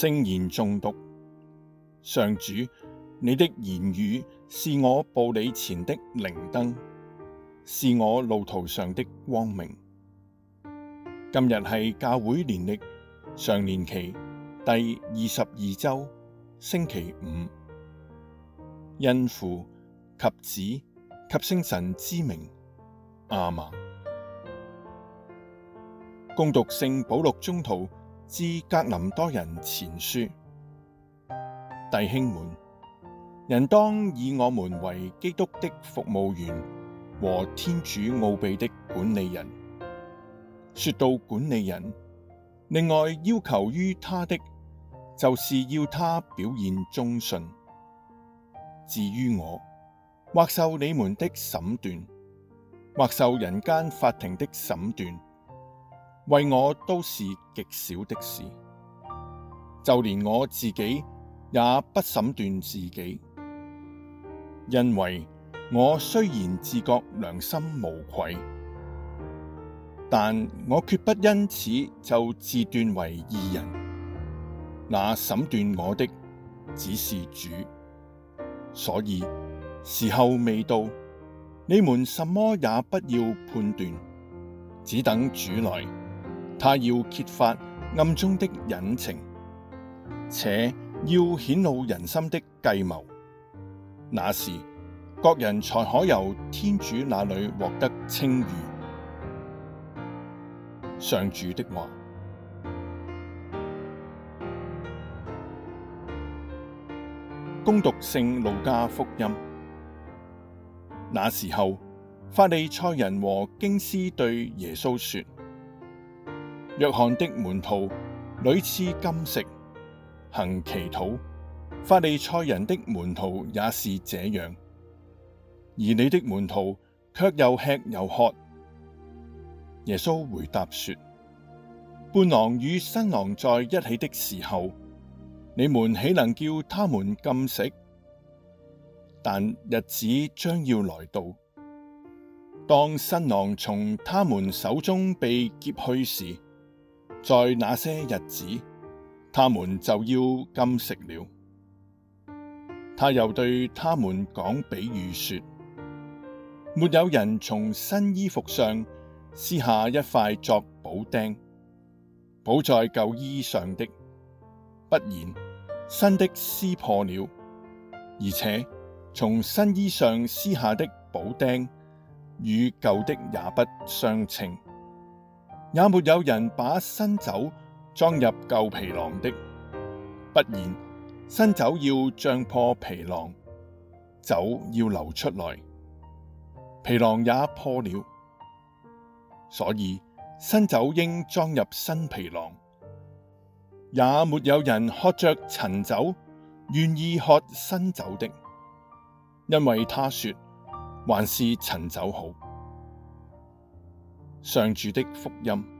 聖言誦讀，上主，你的言語是我步你前的靈燈，是我路途上的光明。今日係教會年曆常年期第二十二周星期五，因父及子及聖神之名亞孟，恭讀聖保祿宗徒。致格林多人前書，弟兄們，人當以我們為基督的服務員和天主奧秘的管理人。說到管理人，另外要求於他的，就是要他表現忠信。至於我，或受你們的審斷，或受人間法庭的審斷。為我都是極小的事，就連我自己也不審斷自己，因為我雖然自覺良心無愧，但我決不因此就自斷為義人。那審斷我的只是主，所以時候未到，你們什麼也不要判斷，只等主來。他要揭發暗中的隱情，且要顯露人心的計謀。那時，各人才可由天主那裏獲得稱譽。上主的話。恭讀聖路加福音。那時候，法利賽人和經師對耶穌說。若翰的門徒屢次禁食，行祈禱；法利賽人的門徒也是這樣，而你的門徒卻又吃又喝。耶穌回答說：伴郎與新郎在一起的時候，你們豈能叫他們禁食？但日子將要來到，當新郎從他們手中被劫去時，在那些日子，他們就要禁食了。他又對他們講比喻說：沒有人從新衣服上撕下一塊作補釘，補在舊衣上的；不然，新的撕破了，而且從新衣上撕下的補釘與舊的也不相稱。也沒有人把新酒裝入舊皮囊的，不然新酒要漲破皮囊，酒要流出來，皮囊也破了。所以新酒應裝入新皮囊。也沒有人喝着陳酒願意喝新酒的，因為他說還是陳酒好。上主的福音。